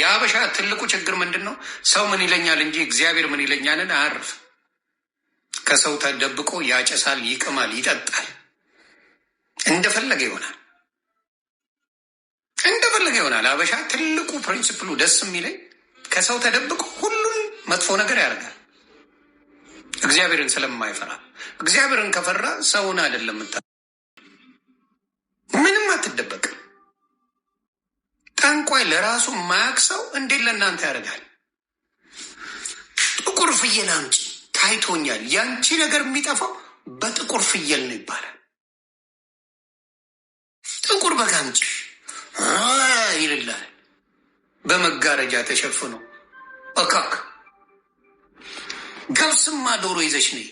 የአበሻ ትልቁ ችግር ምንድን ነው? ሰው ምን ይለኛል እንጂ እግዚአብሔር ምን ይለኛልን አያርፍ። ከሰው ተደብቆ ያጨሳል፣ ይቅማል፣ ይጠጣል፣ እንደፈለገ ይሆናል፣ እንደፈለገ ይሆናል። አበሻ ትልቁ ፕሪንስፕሉ ደስ የሚለኝ ከሰው ተደብቆ ሁሉም መጥፎ ነገር ያደርጋል። እግዚአብሔርን ስለማይፈራ እግዚአብሔርን ከፈራ ሰውን አይደለም ምንም አትደበቅም። ጠንቋይ ለራሱ ማያቅ ሰው እንዴት ለእናንተ ያደርጋል? ጥቁር ፍየል አምጪ ታይቶኛል። ያንቺ ነገር የሚጠፋው በጥቁር ፍየል ነው ይባላል። ጥቁር በግ አምጪ ይልላል። በመጋረጃ ተሸፍኖ እካክ ገብስማ ዶሮ ይዘሽ ነይ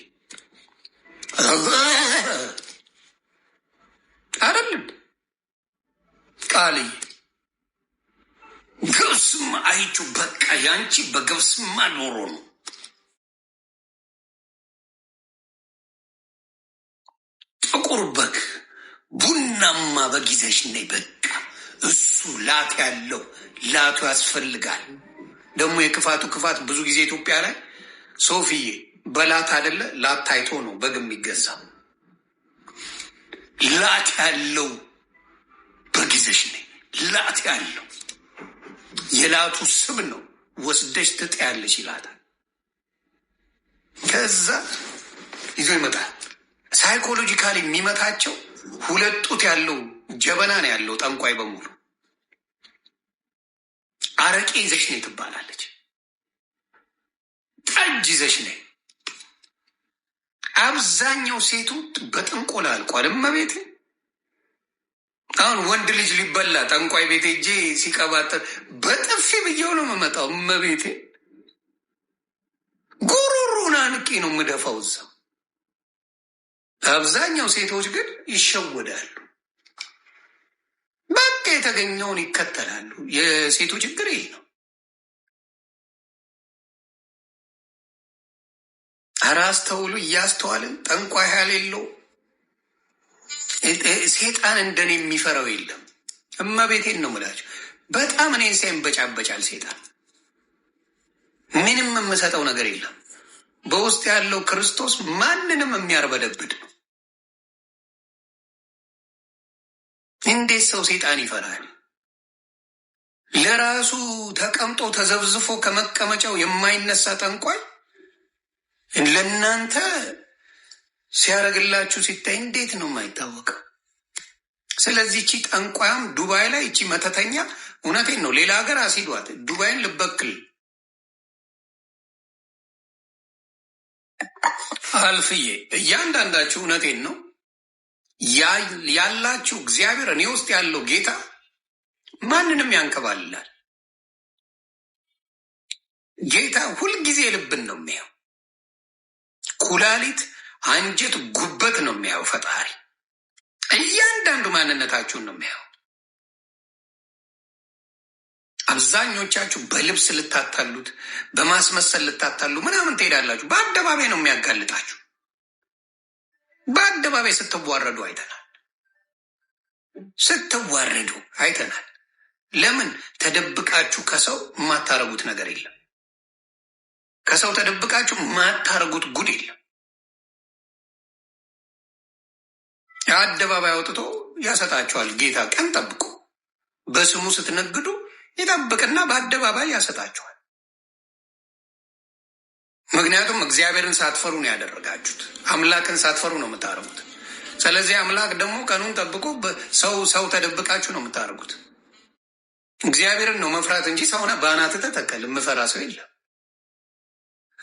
አይደለም ቃልዬ ጣይቱ በቃ ያንቺ በገብስማ ኖሮ ነው። ጥቁር በግ ቡናማ በግ ይዘሽ ነይ። በቃ እሱ ላት ያለው ላቱ ያስፈልጋል። ደግሞ የክፋቱ ክፋት ብዙ ጊዜ ኢትዮጵያ ላይ ሶፊዬ በላት አደለ ላት ታይቶ ነው በግ የሚገዛ። ላት ያለው በግ ይዘሽ ነይ። ላት ያለው የላቱ ስም ነው። ወስደሽ ትጥያለሽ ይላታል። ከዛ ይዞ ይመጣል። ሳይኮሎጂካሊ የሚመታቸው ሁለት ጡት ያለው ጀበና ነው ያለው ጠንቋይ በሙሉ አረቄ ይዘሽ ነይ ትባላለች። ጠጅ ይዘሽ ነይ። አብዛኛው ሴቱ በጥንቆላ አልቋል። እመቤቴ አሁን ወንድ ልጅ ሊበላ ጠንቋይ ቤት እጄ ሲቀባጠር በጥፊ ብዬው ነው የምመጣው። እመቤቴ ጉሮሮን አንቄ ነው የምደፋው እዛ። አብዛኛው ሴቶች ግን ይሸወዳሉ። በቃ የተገኘውን ይከተላሉ። የሴቱ ችግር ይሄ ነው። አረ አስተውሉ። እያስተዋልን ጠንቋይ ያሌለው ሴጣን እንደኔ የሚፈራው የለም። እመቤቴን ነው የምላቸው። በጣም እኔን በጫበጫል ሴጣን። ምንም የምሰጠው ነገር የለም። በውስጥ ያለው ክርስቶስ ማንንም የሚያርበደብድ ነው። እንዴት ሰው ሴጣን ይፈራል? ለራሱ ተቀምጦ ተዘብዝፎ ከመቀመጫው የማይነሳ ጠንቋይ ለእናንተ ሲያደርግላችሁ ሲታይ እንዴት ነው የማይታወቀው? ስለዚህ እቺ ጠንቋያም ዱባይ ላይ እቺ መተተኛ፣ እውነቴን ነው ሌላ ሀገር አሲዷት ዱባይን ልበክል አልፍዬ እያንዳንዳችሁ እውነቴን ነው ያላችሁ እግዚአብሔር እኔ ውስጥ ያለው ጌታ ማንንም ያንከባልላል። ጌታ ሁልጊዜ ልብን ነው የሚያው ኩላሊት አንጀት ጉበት ነው የሚያየው ፈጣሪ። እያንዳንዱ ማንነታችሁን ነው የሚያየው። አብዛኞቻችሁ በልብስ ልታታሉት፣ በማስመሰል ልታታሉ ምናምን ትሄዳላችሁ። በአደባባይ ነው የሚያጋልጣችሁ። በአደባባይ ስትዋረዱ አይተናል። ስትዋረዱ አይተናል። ለምን ተደብቃችሁ ከሰው የማታረጉት ነገር የለም። ከሰው ተደብቃችሁ የማታረጉት ጉድ የለም። ከአደባባይ አውጥቶ ያሰጣቸዋል። ጌታ ቀን ጠብቆ በስሙ ስትነግዱ ይጠብቅና በአደባባይ ያሰጣቸዋል። ምክንያቱም እግዚአብሔርን ሳትፈሩ ነው ያደረጋችሁት። አምላክን ሳትፈሩ ነው የምታደርጉት። ስለዚህ አምላክ ደግሞ ቀኑን ጠብቆ ሰው ሰው ተደብቃችሁ ነው የምታደርጉት። እግዚአብሔርን ነው መፍራት እንጂ ሰውነ በአናት ተተከል የምፈራ ሰው የለም።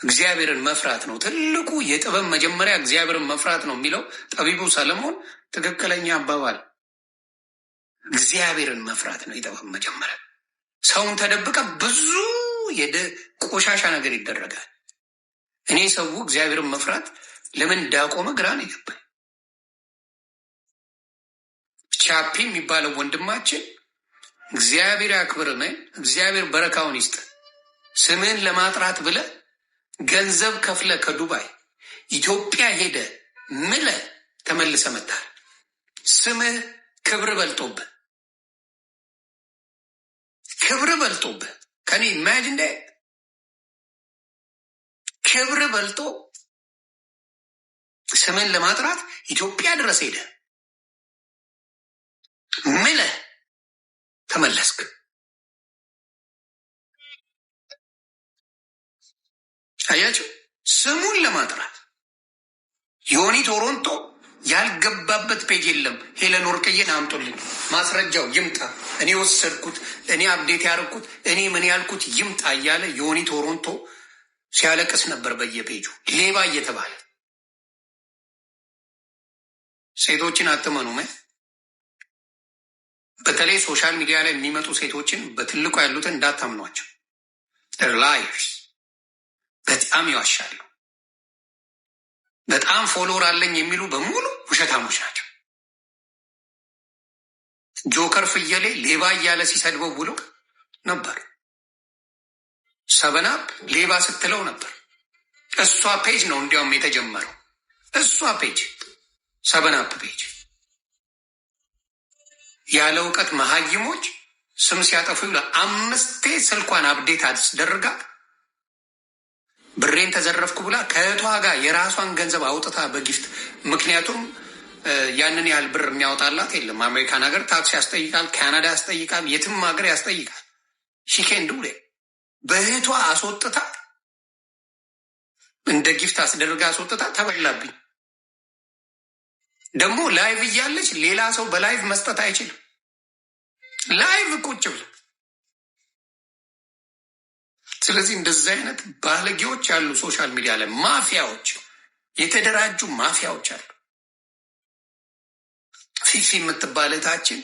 እግዚአብሔርን መፍራት ነው ትልቁ የጥበብ መጀመሪያ እግዚአብሔርን መፍራት ነው የሚለው ጠቢቡ ሰለሞን ትክክለኛ አባባል። እግዚአብሔርን መፍራት ነው የጥበብ መጀመሪያ። ሰውን ተደብቀ ብዙ ቆሻሻ ነገር ይደረጋል። እኔ ሰው እግዚአብሔርን መፍራት ለምን እንዳቆመ ግራ ነው ይገባል ቻፒ የሚባለው ወንድማችን እግዚአብሔር ያክብርህ፣ እግዚአብሔር በረካውን ይስጥ፣ ስምህን ለማጥራት ብለህ ገንዘብ ከፍለ ከዱባይ ኢትዮጵያ ሄደ ምለ ተመልሰ መታል። ስምህ ክብር በልጦብ ክብር በልጦብ ከኔ ኢማጅን እንደ ክብር በልጦ ስምን ለማጥራት ኢትዮጵያ ድረስ ሄደ ምለ ተመለስክ። አያቸው ስሙን ለማጥራት ዮኒ ቶሮንቶ ያልገባበት ፔጅ የለም። ሄለን ወርቅዬን አምጡልኝ፣ ማስረጃው ይምጣ፣ እኔ ወሰድኩት፣ እኔ አብዴት ያደረኩት፣ እኔ ምን ያልኩት ይምጣ እያለ ዮኒ ቶሮንቶ ሲያለቅስ ነበር በየፔጁ ሌባ እየተባለ። ሴቶችን አትመኑ። በተለይ ሶሻል ሚዲያ ላይ የሚመጡ ሴቶችን በትልቁ ያሉትን እንዳታምኗቸው ላይቭስ በጣም ይዋሻሉ። በጣም ፎሎወር አለኝ የሚሉ በሙሉ ውሸታሞች ናቸው። ጆከር ፍየሌ ሌባ እያለ ሲሰድበው ብሎ ነበር። ሰበናብ ሌባ ስትለው ነበር። እሷ ፔጅ ነው እንዲያውም የተጀመረው እሷ ፔጅ ሰበናብ ፔጅ። ያለ እውቀት መሀይሞች ስም ሲያጠፉ ይውላል። አምስቴ ስልኳን አብዴት አስደርጋ ብሬን ተዘረፍኩ ብላ ከእህቷ ጋር የራሷን ገንዘብ አውጥታ በጊፍት ምክንያቱም ያንን ያህል ብር የሚያወጣላት የለም። አሜሪካን ሀገር ታክስ ያስጠይቃል፣ ካናዳ ያስጠይቃል፣ የትም ሀገር ያስጠይቃል። ሺኬን ዱሌ በእህቷ አስወጥታ እንደ ጊፍት አስደርጋ አስወጥታ ተበላብኝ። ደግሞ ላይቭ እያለች ሌላ ሰው በላይቭ መስጠት አይችልም። ላይቭ ቁጭ ብለው ስለዚህ እንደዚህ አይነት ባለጌዎች አሉ። ሶሻል ሚዲያ ላይ ማፊያዎች፣ የተደራጁ ማፊያዎች አሉ። ፊፊ የምትባለታችን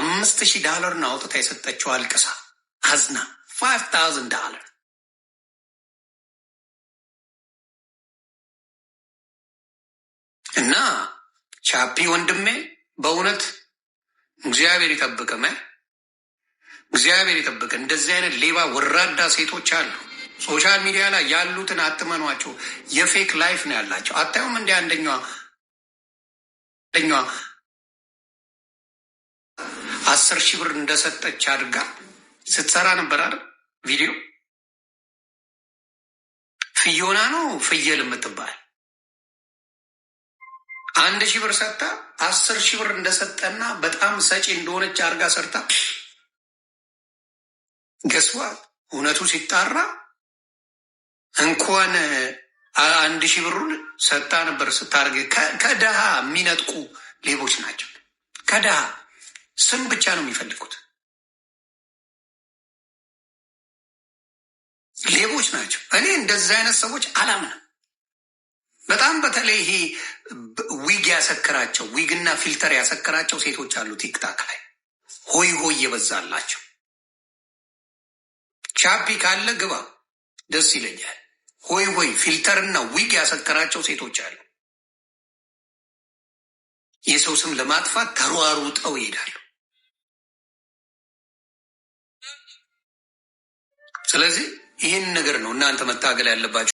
አምስት ሺህ ዳለር ነው አውጥታ የሰጠችው አልቅሳ አዝና፣ ፋይቭ ታውዝንድ ዳላር እና ቻፒ ወንድሜ በእውነት እግዚአብሔር ይጠብቅመ እግዚአብሔር የጠበቀ እንደዚህ አይነት ሌባ ወራዳ ሴቶች አሉ። ሶሻል ሚዲያ ላይ ያሉትን አትመኗቸው። የፌክ ላይፍ ነው ያላቸው። አታዩም? እንደ አንደኛዋ አንደኛዋ አስር ሺህ ብር እንደሰጠች አድርጋ ስትሰራ ነበር አይደል? ቪዲዮ ፍዮና ነው ፍየል የምትባል አንድ ሺህ ብር ሰጥታ አስር ሺህ ብር እንደሰጠና በጣም ሰጪ እንደሆነች አድርጋ ሰርታ ገስዋ እውነቱ ሲጣራ እንኳን አንድ ሺህ ብሩን ሰጣ ነበር ስታደርግ ከድሃ የሚነጥቁ ሌቦች ናቸው። ከድሃ ስም ብቻ ነው የሚፈልጉት ሌቦች ናቸው። እኔ እንደዚህ አይነት ሰዎች አላምንም። በጣም በተለይ ይሄ ዊግ ያሰክራቸው ዊግና ፊልተር ያሰክራቸው ሴቶች አሉ ቲክታክ ላይ ሆይ ሆይ የበዛላቸው ቻፒ ካለ ግባ፣ ደስ ይለኛል። ሆይ ሆይ ፊልተርና ዊግ ያሰከራቸው ሴቶች አሉ። የሰው ስም ለማጥፋት ተሯሩጠው ይሄዳሉ። ስለዚህ ይህን ነገር ነው እናንተ መታገል ያለባቸው።